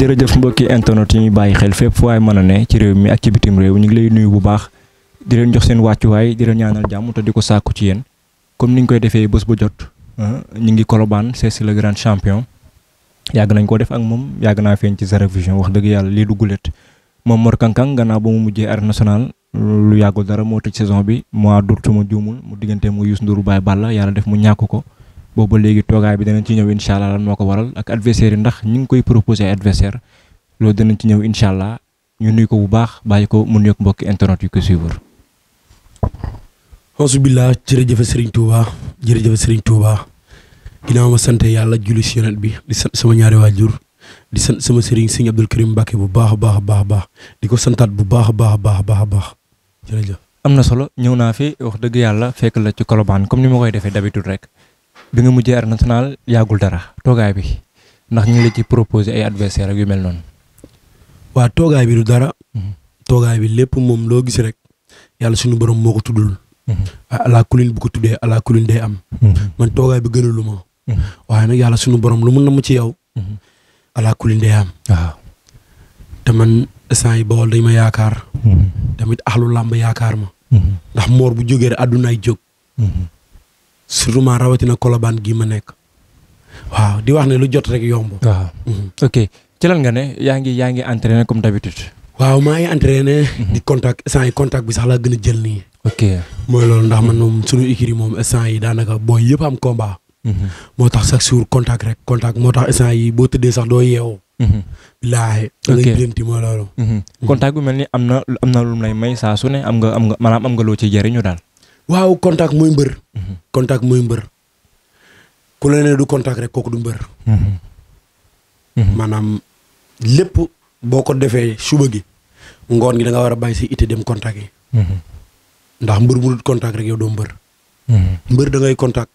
jërëjëf mbokki internet yi ñuy bàyyi xel fépp fu waay mën ne ci réew mi ak ci bitim réew ñu ngi lay nuyu bu baax di leen jox seen wàccuwaay di leen ñaanal jàmm te di ko sàkku ci yéen comme ni ñu koy defee bës bu jot ah, ñu ngi kolobaan c'est le grand champion yàgg nañ ko def ak moom yàgg naa feeñ ci Zarak Vision wax dëgg yàlla lii du gulet moom Mor Kang Kang gannaaw ba mu mujjee arène national lu yàggul dara moo tëj saison bi mois d'août suma juumul mu diggante mu Youssou Ndour Baye Balla yàlla def mu ñàkk ko boobu ba léegi toogaay bi danañ ñëw incha allah moo ko waral ak adversaire yi ndax ñu ngi koy proposé ay adversaire loolu danañ ci ñëw incha allah ñu nuyu ko bu baax bàyyi ko mu nuyoog mbokki internet yu ko suivre. alhamdulilah jërëjëf Serigne Touba jërëjëf Serigne Touba ginnaaw ma sant yàlla julli si yonent bi di sant sama ñaari waajur di sant sama Serigne Serigne Abdou Karim Mbacké bu baax a baax a baax di ko santaat bu baax a baax a baax a baax. jërëjëf am solo ñëw naa fi wax dëgg yàlla fekk la ci Colobane comme ni ma koy defee d'habitude rek bi nga mujjee international nationale dara toogaay bi ndax ñu la ci proposer ay adversaire ak yu mel noonu. waa toogaay bi du dara. Mhm. toogaay bi lépp moom loo gis rek yàlla suñu borom moo ko mhm. ala kulin bu ko tuddee ala kulin day am. Mhm. man toogaay bi gënalu ma. waaye nag yàlla suñu borom lu mu na ci yow. ala kulin day am. waaw te man instant yi dañ ma yaakaar. tamit axlu làmb yaakaar ma. Mhm. ndax moor bu jógee rek àddunaay jóg. Mhm. surtout ma rawatina kolobaan gi ma nekk. waaw di wax ne lu jot rek yomb. waaw ah. mhm. ok ci lan nga ne yaa ngi yaa ngi entraîné comme d'habitude. waaw maa ngi entraîné. di contact instant yi contact bi sax laa gën a jël nii. ok mooy loolu ndax man moom suñu écurie moom instant yi daanaka booy yëpp am combat. moo tax chaque jour contact rek contact moo tax instant yi boo tëddee sax doo yeewoo. billaahi mm-hmm. lañ bilanti moo loolu contact mm-hmm. mm-hmm. bu mel ni am na am na lum lay may saa su ne am nga am am nga loo ci jëriñu daal waaw contact mooy mbër contact mooy ku la ne du contact rek kooku du mbër lépp boo ko defee suba gi ngoon gi da war a bàyyi si ité dem contact yi ndax mbër mu dul contact rek yow doo contact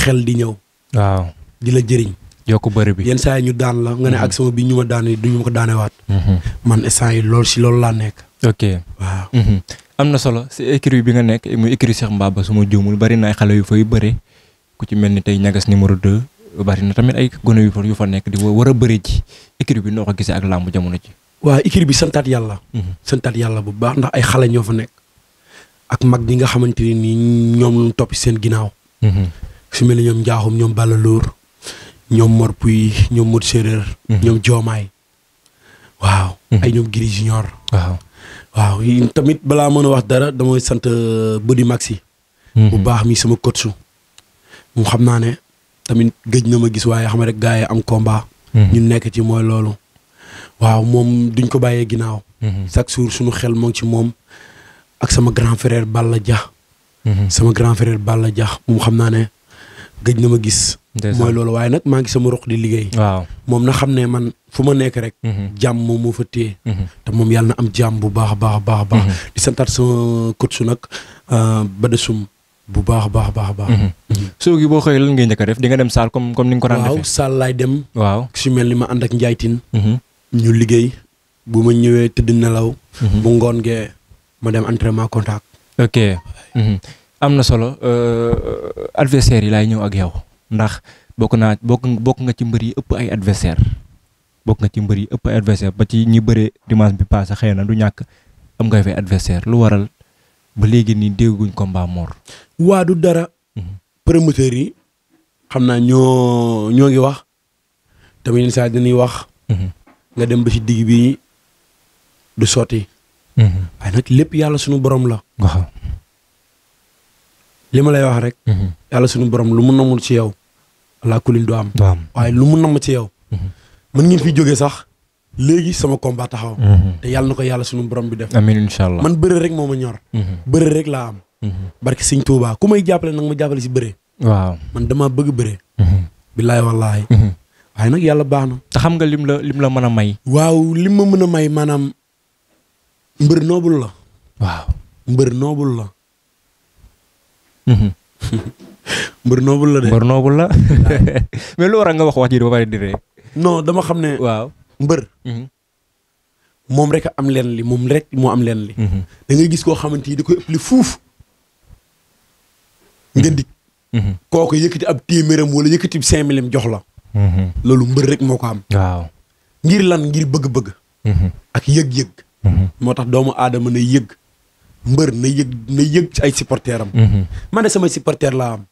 xel di ñëw waaw di la jëriñ yokk bari bi yeen saa ñu daan la nga ne mm-hmm. ak sama bi ñuma daan ni duñu ko ko waat mm-hmm. man instant yi lool si lool la nek ok waaw. Mm-hmm. amna na solo si écrit bi nga nekk mu écrit Cheikh Mbaba suma joomul bari na ay xale yu fay bari ku ci melni tay ñagas numéro 2 bari na tamit ay gono yu fa yu di wara bari ci écrit bi noko ko gisee ak lamb jamono ci wa écrit bi santat yalla santat yalla bu baax ndax ay xalé ñoo fa ak mag gi nga xamanteni ni ñu topp seen ginnaaw. su mel ni ñoom Njaaxum ñoom Mor Puy ñoom Modou mhm. ñoom Joomaay waaw mhm. ay ñoom Giri Junior waaw tamit balaa mën a wax dara damay sant euh, Body Maxi mhm. bu baax mii sama coach mu xam naa ne tamit gëj na ma gis waaye xam rek gars yi am combat ñu nekk ci mooy loolu waaw moom duñ ko bàyyee ginnaaw chaque jour suñu xel moo ci moom ak sama grand frère Balla Dia sama grand frère la jax moom xam naa ne gëj na ma gis. moy lolu waaye nak ma ngi sama ruq di liggey waaw moom na xamne ne man fuma nek rek. Mhm. jam mo mo fa téye. Mhm. te mom yalla na am jam bu baax baax baax baax. di santat so coach nag Badassoum bu baax a baax a baax baax. so gi bo xey lan ngay ñëk def di nga dem sal comme comme ni nga ko ran defee. waaw sal lay dem. waaw ci melni ma and ak njaaytin mhm. ñu liggey bu ma ñëwee tëdd nelaw. bu ngon ge ma dem entraînement contact. ok amna solo euh, euh, adversaires yi lay ñew ak yow ndax bokk naa bok nga ci mbeur yi ëpp ay adversaire bok nga ci mbeur yi ëpp ay adversaire ba ci ñi bëré dimanche bi passé xeyna du ñak am nga fay adversaire lu waral ba légui ni dégguñ combat mort wa du dara. Mhm. promoteur yi xamna ño ño ngi wax tamit ñu sa dañuy wax. Mhm. nga dem ba ci dig bi du mhm. ay nak lepp yalla suñu borom la. waaw Lima lay wax rek. Mhm. yalla suñu borom lu mu namul ci yow. allah kulil do am. waye lu mu nam ci yow. man mhm. ngeen fi joge sax. sama combat taxaw. Mhm. te yalla nako yalla suñu borom bi def. amin inshallah man beure rek moma ñor. beure rek la am. barke seigne touba ku may jàppale nag ma jappale ci beure waaw man dama bëgg beure billahi wallahi waye nak yalla baax ta xam nga lim la lim la mëna may. waaw lim ma mëna may manam mbeur noble la. waaw mbeur noble la. Mhm. mbër noobul la de. mbër noobul la mais lu war a nga wax wax ji ba pare di ree non dama xam ne. waaw mbër. Mhm. moom rek am leen li moom rek moo am leen li. Mhm. dangay gis koo xamante ni di koy ëpp li fuuf. nga dig. kooku yëkkati ab téeméeram wala yëkkati cinq mille jox la. loolu mbër rek moo ko am. waaw ngir lan ngir bëgg-bëgg. ak yëg-yëg. moo tax doomu aadama na yëg. mbër na yëg na yëg ci ay supporters am. Mhm. man de samay supporters laa am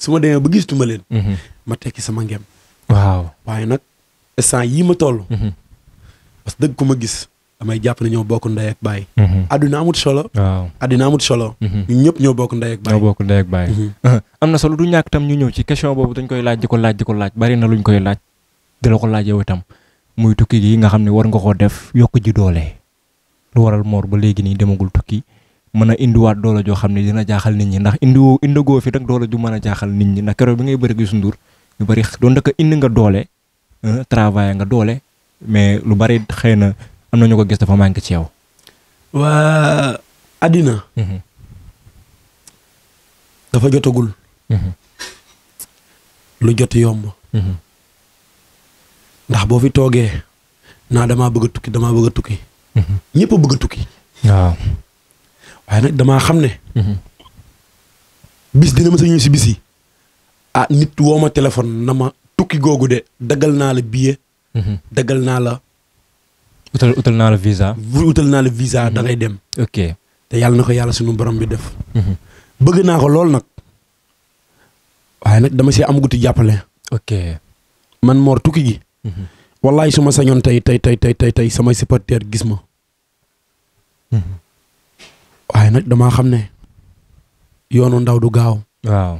su ma demee ba gisatuma leen. Mhm. ma tekki sama ngem. waaw waaye nag instant yii ma toll. Mhm. parce que dëgg ku ma gis damay jàpp ne ñoo bokk ndey ak baay. adduna amut solo. waaw adduna amut solo. ñun ñëpp ñoo bokk ndey ak baay. ñoo bokk ndey uh-huh. am na solo du ñàkk tam ñu ñëw ci question boobu dañ koy laaj di ko laaj di ko laaj bari na lu ñu koy laaj di la ko laaj yow itam muy tukki gi nga xam ne war nga koo def yokk ji doole lu waral Mor ba léegi nii demagul tukki. mën a indiwaat doole joo xam ne dina jaaxal nit ñi ndax indiwoo indigoo fi rek doole ju mën a jaaxal nit ñi ndax keroog bi ngay bëri Youssou Ndour ñu bëri doon dëkk indi nga doole travail nga doole mais lu bari xëy na am na ñu ko gis dafa manqué ci yow. waa àddina. Mm-hmm. dafa jotagul. Mm-hmm. lu jot yomb. Mm-hmm. ndax boo fi toogee naa damaa bëgg a tukki damaa bëgg a tukki. ñëpp bëgg a tukki. waaye nag damaa xam ne. Mhm. bis dina ma sa ñëw si bis ah nit woo ma téléphone na ma tukki googu de daggal naa la billet. Mhm. daggal naa la. utal utal naa la visa. utal naa la visa mhm. da ngay dem. ok te yàlla na ko yàlla sunu borom bi def. bëgg naa ko lool nag. waaye nag dama see am guti jàppale. ok man Mor tukki gi. wallaay su ma sañoon tey tey tey tey tey samay supporteurs gis ma. waaye nag dama xam ne yoonu ndaw du gaaw. waaw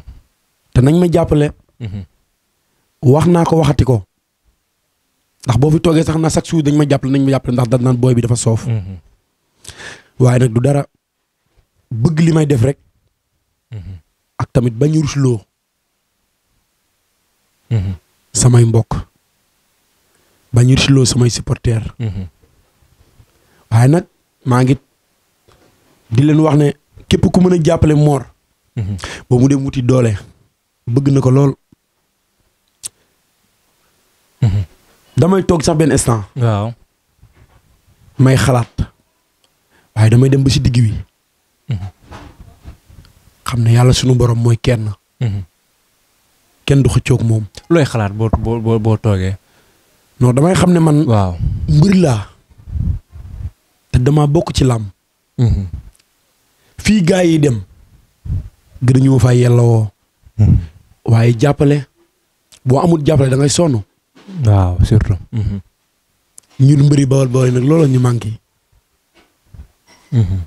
te nañ ma jàppale. Mhm. wax naa ko waxati ko ndax boo fi toogee sax na chaque jour dañ ma jàppale nañ ma jàppale ndax dañ naan booy bi dafa soof. Mhm. waaye nag du dara bëgg li may def rek. Mhm. ak tamit bañ rusloo. samay mbokk bañ rusloo samay supporters. waaye nag maa ngi. di leen wax ne képp ku mën a jàppale moor mhm. ba mu dem wuti doole bëgg na ko lool. Mhm. damay toog sax benn instant. waaw may xalaat waaye damay dem ba si digg wi. Mhm. xam ne yàlla sunu borom mooy kenn. kenn du xëccoog moom. looy xalaat boo boo boo toogee. non damay xam ne man. waaw mbir laa. te dama bokk ci làmb. figa idem yi dem gëna ñu fa yelloo hmm. waye jappalé sono amul jappalé da ngay sonu waaw surtout. Mhm. ñun mbëri bawal bawal nak loolu ñu mhm.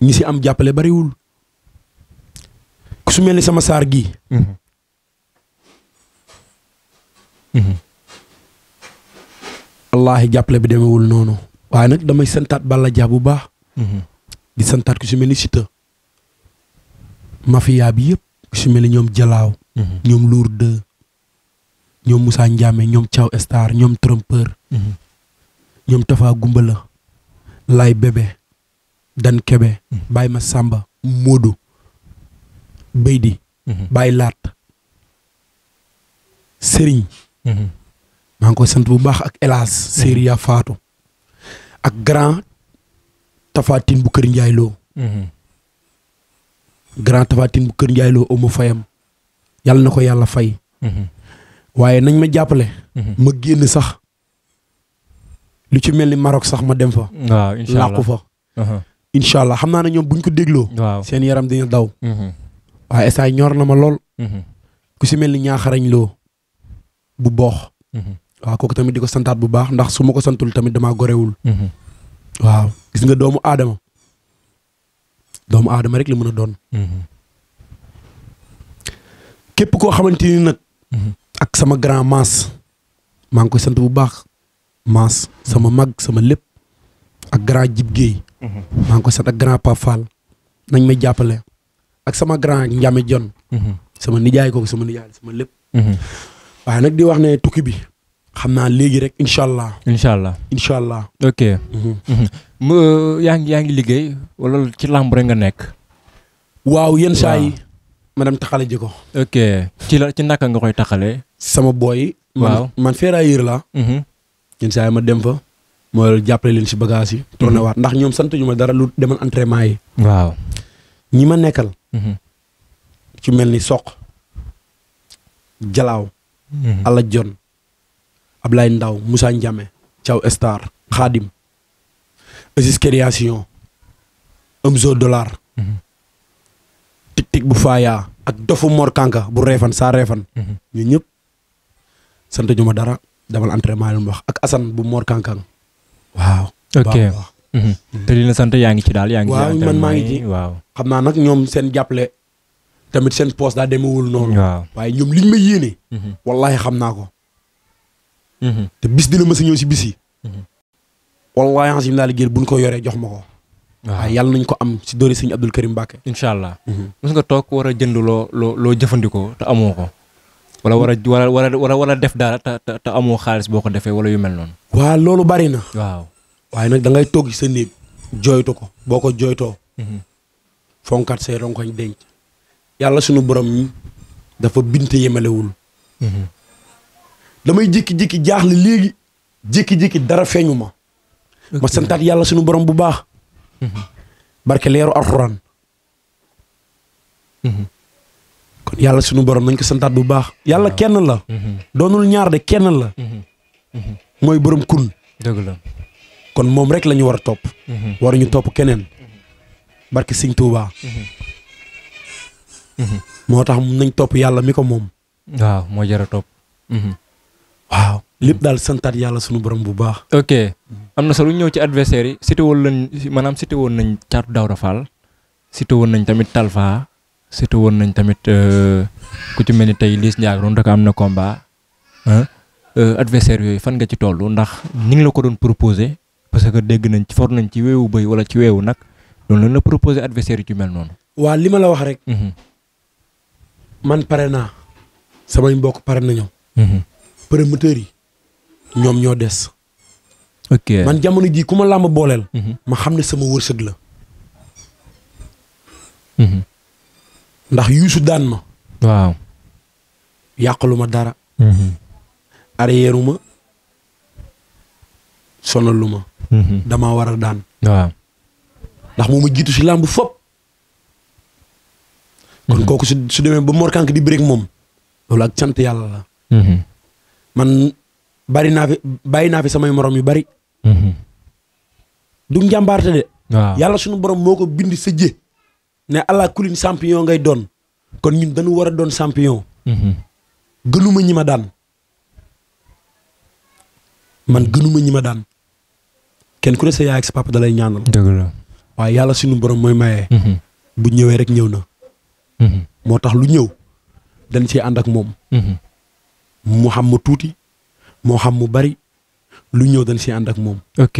ñi si am jàppale bariwul. su mel sama sargi gi mhm. Allah jappalé bi demewul nonu waye nak damay santaat Balla jabu ba di ku su melni citeur mafia bi yëpp su mel ñoom Jalaaw. Mhm. ñoom Lour 2 ñoom Moussa Ndiame ñoom Thiaw Star ñoom Trompeur. Mhm. ñoom Tafa Gumbala. Lay Bébé. Dan Kebe. Mhm. Baye Ma sàmba Moodu. Beydi. Baye Laat. Serigne. maa ngi ko sant bu baax ak Elas Serigne yaa faatu. ak grand Tafatine bu Kër Ndiaye grand tafatin bu kër Ndiaye loo ëmb fayam yàlla na ko yàlla fay. Mhm. waaye nañ ma jàppale. Mhm. ma génn sax lu ci mel ni Maroc sax ma dem fa. waaw incha làqu fa. Mhm. incha xam naa ne ñoom buñ ko dégloo. seen yaram dina daw. waaye saa ñor na ma lool. ku si mel ni ñaaxarañ loo bu boox. waaw kooku tamit di ko santaat bu baax ndax su ma ko santul tamit damaa gorewul. waaw gis nga doomu aadama. doomu aadama rek la mën a doon. Mm-hmm. képp koo xamante ni nag. Mm-hmm. ak sama grand maas maa ngi ko sant bu baax maas sama mag sama lépp ak grand jib géey mm-hmm. maa ngi koy sant ak grand Pape nañ may jàppale ak sama grand Ndiame John. sama nijaay kooku sama nijaay sama lépp. waaye nag di wax ne tukki bi. xamna legui rek inshallah allah. inshallah allah ok. Mhm. Mhm. mu yang yang yaa ngi wala ci làmb rek nga nek waaw yeen say madame takhalé djiko ok ci ci naka nga koy takhalé sama boy waaw man ferrailleur la hmm yeen say ma dem fa. mo jàppale len ci bagage yi. Mhm. tourné wat ndax ñom sant ñuma dara lu demal entraînement yi. waaw ñima nekkal hmm ci ala jon Ablaye Ndaw Moussa Ndiame Thiaw Star Khadim Aziz Création Omzo Dollar mhm. Tic Tic bu Faaya ak dofu Mor Kanka bu reefan saa reefan mhm. ñu ñëpp sant ñu ma dara demal entraînement yi wax ak Assane bu Mor Kanka waaw ok mhm. mm. te li la sant yaa ngi ci daal yaa ngi ci waaw man maa ngi ci xam naa nag ñoom seen jàppale tamit seen poste daa demewul noonu waaye ñoom liñ ma yéene wallaahi xam naa ko Mm-hmm. te bis dina mës a ñëw si bis yi. Mm-hmm. wallaahi en général liggéey bu ñu ko yoree jox ma ko. waaw yàlla nañ ko am si doori sëñ Abdou Karim Mbacké. incha allah. mës mm-hmm. nga toog war a jënd loo loo loo jëfandikoo te amoo ko. wala war a war a war a war a def dara te te amoo xaalis boo ko defee wala yu mel noonu. waaw loolu bari na. waaw waaye nag dangay ngay toog sa néeg. jooytu ko boo ko jooytoo. fonkat say ronkoñ denc. yàlla sunu borom ñi dafa binte yemalewul. damay jékki-jékki jaaxle léegi jékki-jékki dara feeñu ma. ma santaat yàlla suñu borom bu baax. Mhm. barke leeru alxuraan. Mhm. kon yàlla suñu borom nañ ko santaat bu baax. yàlla kenn la. Mhm. doonul ñaar de kenn la. mooy borom kun. kon moom rek la war a topp. waruñu topp keneen. barke sëñ Tuubaa. moo tax mun nañ topp yàlla mi ko moom. waaw moo jar a topp. waaw lépp daal santaat yàlla sunu borom bu baax. am na solo ñëw ci adversaire yi cité woon lañ maanaam cité woon nañ Thiatou Daouda Fall cité woon nañ tamit Talfa cité woon nañ tamit euh, ku ci mel ni tey Liss Ndiago doon am na combat euh, adversaire yooyu fan nga ci toll ndax ni ngi la ko doon proposé parce que dégg nañ ci for nañ ci weewu bëy wala ci weewu nag loolu lañ la proposé adversaire yu ci mel noonu. waa li ma la wax rek. Mhm. man pare naa samay mbokk pare nañu. Mhm. promoteurs yi ñoom ñoo des. ok man jamono jii ku ma làmb booleel. Mhm. ma xam ne sama wërsëg la. Mhm. ndax yuusu daan ma. waaw. yàqalu ma dara. Mhm. arrière ma sonalu ma. damaa war a daan. ndax moom ma jiitu ci làmb fopp. kon kooku su demee ba Mor di bëreek moom. loolu ak sant yàlla la. man bari na fi bàyyi na fi sama morom yu bari. Mhm. du njàmbaarte de. yalla yàlla sunu borom moko bind sa ne allah kulin champion ngay don, kon ñun dañu wara don champion hmm gënuma ñima dan man gënuma ñima dan ken ku ne sa yaay ak sa papa dalay ñaanal. deug la wa yalla sunu borom moy maye. Mhm. bu ñewé rek ñewna na. Mhm. motax lu ñew dañ ci and ak hmm mu xam mu tuuti moo xam mu bari lu ñëw dañ si ànd ak moom. ok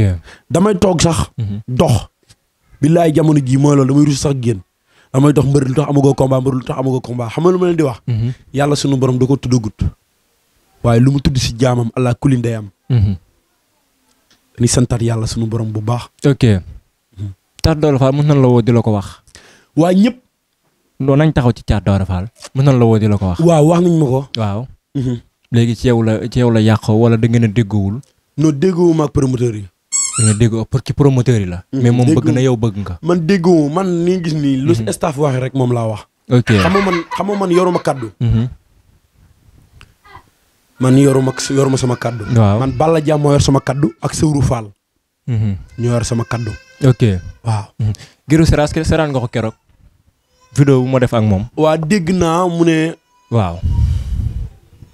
damay toog sax. Mhm. dox. billaay jamono jii mooy loolu damay rus sax génn. damay dox mbër lu tax amagoo combat mbër lu tax amagoo combat xam nga lu ma leen di wax. Mhm. yàlla sunu borom da ko tuddagut. waaye lu mu tudd si jaamam allah kulli ndey am. ni mhm. santaat yàlla sunu borom bu baax. ok. Thiat Daouda Fall mën na la woo di la ko wax. waa ñëpp. loolu nañ taxaw ci Thiat Daouda Fall. mën nañ la woo di la ko wax. waaw wax nañ ma ko. léegi ci yow la ci yow la yàqoo wala da ngeen a déggoowul. non promoteur yi. da nga déggoo pour ci promoteur yi la. Mm-hmm. mais moom bëgg na yow bëgg nga. man déggoo man ni gis nii. lu mm-hmm. staff waxee rek moom laa wax. ok xam nga man xam nga man yoruma kaddu. Mm-hmm. man yoruma yoruma sama kaddu. waaw man Balla Dia sama kaddu ak Sëwru Fall. ñoo yor sama kàddu ok waaw. Guirou Seras seraan nga ko keroog. vidéo bu ma def ak moom. waa dégg naa mu ne. waaw.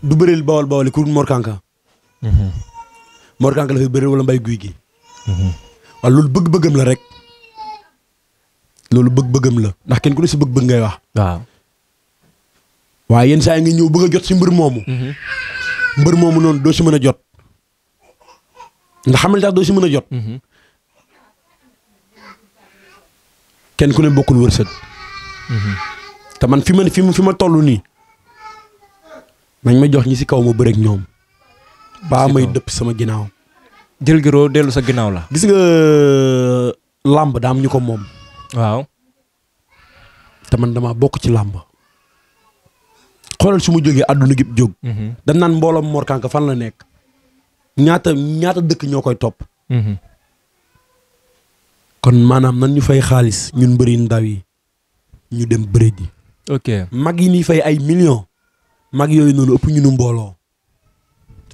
du bëreel bawol bawol ku Mor Kanka. Mhm. Mor Kanka la fi bëreel wala mbay guuy gi. Mhm. wal loolu beug beugam la rek. loolu beug beugam la ndax ken ku ne ci beug beug ngay wax. waaw. waaye yeen say nga ñew bëgg jot ci mbër momu hmm moomu momu mhm. non do ci a jot. ndax xamal tax do ci mën jot jot. ken ku ne wërseut hmm ta man fi man fi ma ni hmm nañ ma jox ñi ci kaw ma bëreeg ñoom. ba may depp sama ginaaw jël giroo dellu sa ginaaw la. gis nga euh, lamb daam ñu ko moom. waaw. te man dama bokk ci lamb xoolal su mu jógee àdduna gi jóg. Mhm. dañ naan mbooloom Mor fan la nekk. ñaata ñaata dëkk ñoo koy mhm. kon maanaam nan ñu fay xaalis ñun bëri ndaw yi ñu dem bëri ji. ok mag yi fay ay millions mag yoy nonu ëpp ñu nu mbolo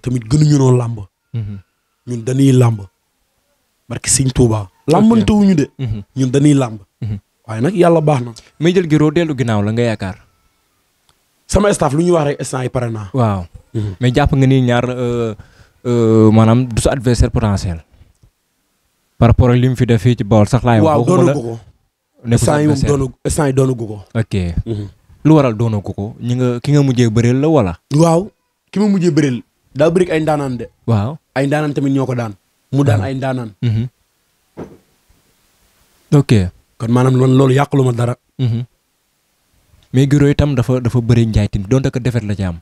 tamit gënu ñu no lamb hmm ñun dañuy lamb barki sëñ Tuubaa làmbantewuñu de mhm. ñun dañuy lamb hmm waye nak yalla baxna may jël gi ro delu ginaaw la nga yaakaar sama staff lu ñu wax rek instant yi parana waaw mhm. mais japp nga ni ñaar euh euh manam du sa adversaire potentiel par rapport ak li fi def fii ci Bawol sax lay wax waaw doonagu ko ne instant yi moom doonagu instant yi doonagu ko ok mhm lu waral doonoo koko ko ñi nga ki nga mujjee bëreel la wala. waaw ki ma mujjee bëreel da brik ay ndaanaan de. waaw ay temin tamit ñoo mudan daan. mu daan ay ndaanaan. Mhm. ok. kon manam lon loolu yàqulu ma dara. Mhm. mais Giro itam dafa dafa bëri Ndiaye Tine donte ko defet la ci am.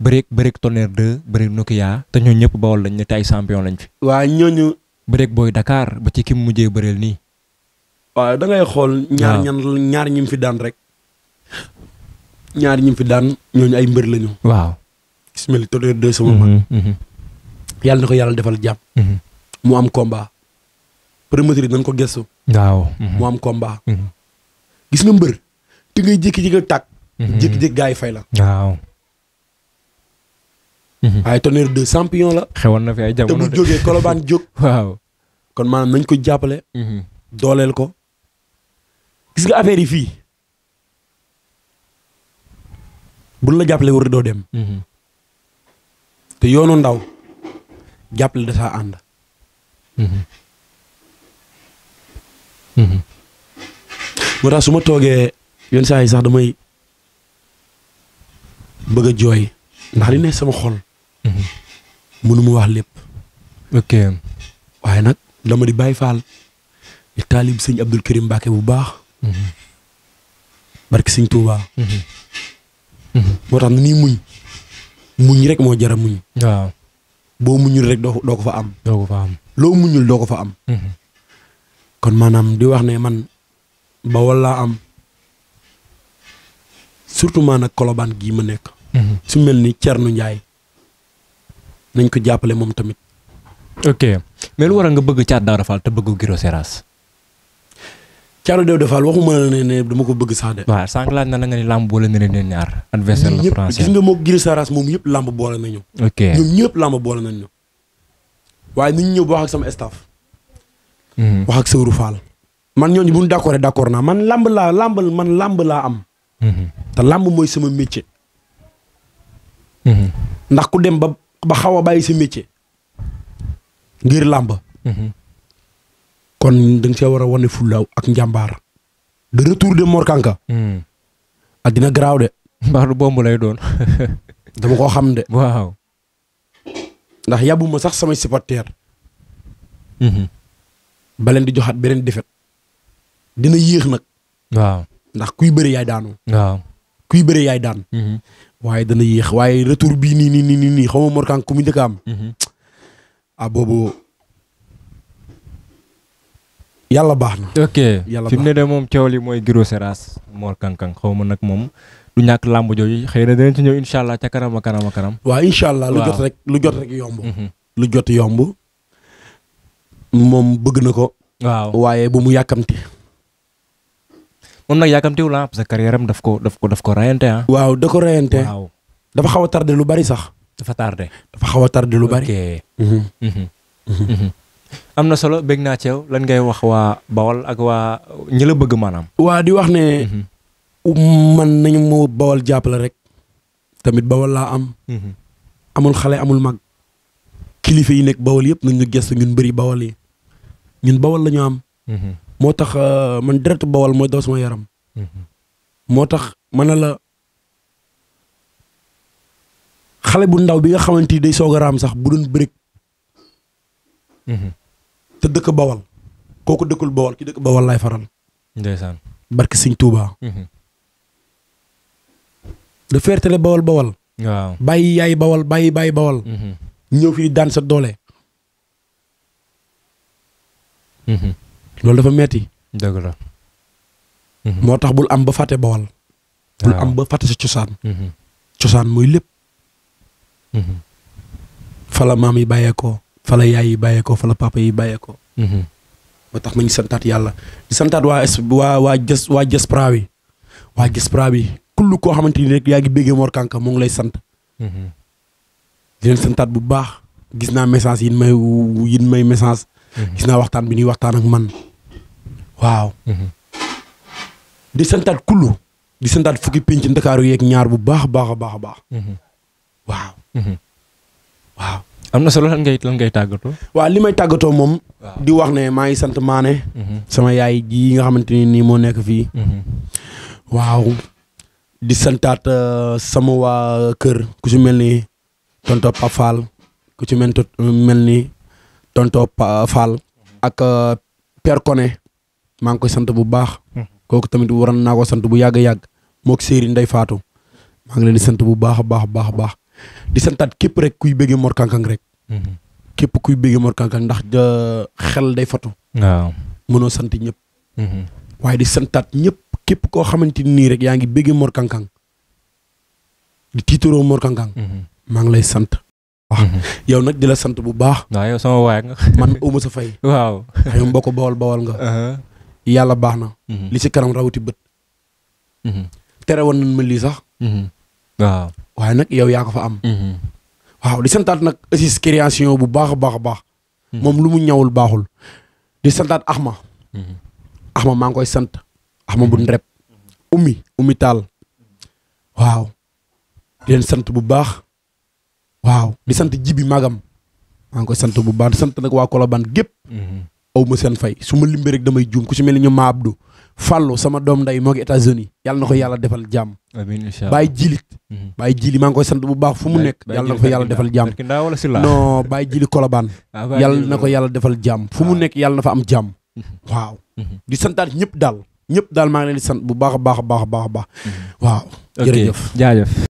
brik toner Tonnerre 2 Nokia te ñooñu ñëpp bawal lañ ne te ay champion lañ fi. brik boy Dakar ba ci ki mu mujjee bëreel nii. waaw da ngay xol ñaar ñan ñaar ñim fi daan rek. ñaari ñu fi daan ñooñu ay mbër lañu. waaw bisimilah tonnerre deux sama mhm, mag. Mhm. yàlla na ko yàlla defal jàmm. Mhm. mu am combat. promoteur yi ko gëstu. waaw mu am combat. gis nga mbër te ngay jékki-jékki tàkk. jékki-jékki gars fay la. waaw. waaye tonnerre deux la. xewoon na fi ay jamono te bu jógee Colobane jóg. waaw kon maanaam nañ ko jàppale. dooleel ko. gis nga affaire yi fii. buñ la jàppale wër doo dem. Mm-hmm. te yoonu ndaw jàppale dasaa ànd. Mm-hmm. Mm-hmm. moo tax su ma toogee yoon saa yi sax damay bëgg a jooy ndax li ne sama xol. mënu mu wax lépp. ok waaye nag dama di bàyyi faal di taalib sëñ Abdul Karim Mbacke bu baax. barki sëñ Touba. moo tax ni muñ muñ rek mo jara muñ waaw bo muñul rek do do ko fa am do ko fa am lo muñul do ko fa am mm-hmm. kon manam di wax ne man ba wala am surtout man ak koloban gi ma nek mm-hmm. su melni ni Thierno Ndiaye nañ ko jàppale mom tamit ok mais lu waral nga bëgg Thiat Daouda fal te bëggu giro Seras Thiatou Daouda Fall waxuma la ne ne dama ko bëgg sax de. wa sank la na nga ni làmb boole ne ne ñaar. adversaire la français gis nga mo giri Saras mom yëpp làmb boole nañu. ok ñoom ñëpp làmb boole nañu. waaye ni ñu ñëw wax ak sama staff. Hmm. wax ak Sëwru Fall. man ñoo ñu d' d'accordé d'accord na man lamb la lamb man lamb la am. Hmm. ta lamb moy sama métier. Hmm. ndax ku dem ba ba xawa bayyi sa métier. ngir hmm kon da nga see war a wane fulla ak njàmbaar. de retour de Mor Kanka. Hmm. dina garaaw de. mbaa lu lay doon. dama koo xam de. waaw. ndax yàbbu ma sax samay supporter. Hmm. ba leen di joxaat beneen defet dina yéex nag. waaw ndax kuy bëri yaay daanu. waaw kuy bëri yaay daan. Hmm. waaye dana yéex waaye retour bii nii nii nii xaw ma Mor Kanka ku mu njëkk a ah, boobu yàlla baax na. ok fi ne de moom coow li mooy Guiro Seras Mor Kang Kang xaw ma nag moom du ñàkk làmb jooju xëy na dinañ ci ñëw incha allah ca kanam a kanam a kanam. waaw incha allah lu rek lu jot rek yomb. Mhm. lu jot yomb bëgg na ko. waaw waaye bu mu yàkkamti. moom nag yàkkamtiwul ah parce que carrière ko daf ko daf ko rayante ah. waaw da ko rayante. waaw dafa xaw a tardé lu bari sax. dafa tardé. dafa a tardé lu bari. Mhm. Mhm. am na solo bëgg na ci yow lan ngay wax wa Bawol ak wa ñi bëgg manam waa di wax ne. man mhm. nañu moo Bawol la rek. tamit Bawol la am. Mhm. amul xalé amul mag. kilifa yi nek Bawol yëpp nañu gess ñun bawal Bawol yi ñun Bawol lañu am. Mhm. motax euh, man direct Bawol moy daw sama yaram. motax tax ma la bu ndaw bi nga xamante day soga ram sax bu doon te dëkk bawal kooku dëkkul bawal ki dëkk bawal laay faral. ndeysaan barke sëñ Tuuba. Mhm. de fertale bawal bawal. waaw bàyyi yaay bawal bàyyi bàyyi bawal. Mhm. ñëw fii daan sa doole. Mhm. loolu dafa metti moo tax bul am ba fàtte bawal. bul am ba fàtte sa cosaan. cosaan mooy lépp. fala maam yi bàyyeekoo. fa la yaay yi bàyyeekoo fa la papa yi bàyyeekoo. moo mm-hmm. tax ma ñu santaat yàlla di santaat waa es waa waa jës waa jëspra bi waa jëspra bi kull koo xamante ni rek yaa ngi béggee Mor Kanka ngi lay sant. Mm-hmm. di leen santaat bu baax gis naa message yi may yin may message. Mm-hmm. gis naa waxtaan bi ñuy waxtaan ak man waaw. di santaat kullu di santaat fukki pénc ndakaaru yeeg ñaar bu baax a baax a baax a baax. waaw. amna na solo lan ngay lan ngay tagato wa limay tagato mom, di wax ne ma ngi sante Mané. Mhm. sama yaay ji nga xamanteni ne mo nek fi mhm. waaw di santat euh, sama wa keur ku ci melni ni tonto pafal ku ci mel ni tonto pafal ak euh, Père Koné mang koy sante bu baax. Mhm. koku tamit waran nako ko bu yag yag mok mook séeri Ndey Faatu maa leen di sante bu baax baax baax baax di santat kep rek kuy bëggee Mor Kankang rek. Mhm. kep kuy bëggee Mor Kankang ndax de xel day foto. waaw mëno sant hmm nyep di santat ñep kep ko xamanteni ni rek yaangi ngi Mor Kankang di titoro Mor Kankang. hmm lay sant. waaw mhm. yow nak dila sant bu baax. waaw yow sama waay nga. man aw sa fay. waaw yow mboko bawal bawal nga. Uh-huh. yàlla baax na. Mhm. li ci kanam rawati hmm téré won nañ ma li sax. waaw waaye nag yow yaa ko fa am. Mm-hmm. waaw di santaat nag Aziz création bu baax a baax a baax. Mm-hmm. moom lu mu ñawul baaxul. di santaat Axma. Mm-hmm. Axma maa ngi koy sant. Axma bu ndrep. ummi ummi taal. waaw di sant bu baax. waaw di sant jibi magam. maa ngi koy sant bu baax di sant nag waa Colobane gépp. aw ma seen fay su ma limbee rek damay juum ku si mel ni ñu ma Abdou. fàllu sama doom nday moo ngi États-Unis yàlla na ko yàlla defal jàmm. amiin incha allah bàyyi jilit. bàyyi jili maa ngi koy sant bu baax fu mu nekk. yàlla na ko yàlla defal jàmm. non bàyyi jili kolobaan. Ah, yàlla na ko yàlla defal jàmm. fu mu ah. nekk yàlla na fa am jàmm. Mhm. waaw. Mhm. di santaat ñëpp daal. ñëpp daal maa ngi leen di sant bu baax a baax a baax a baax. Mhm. waaw jërëjëf jaajëf.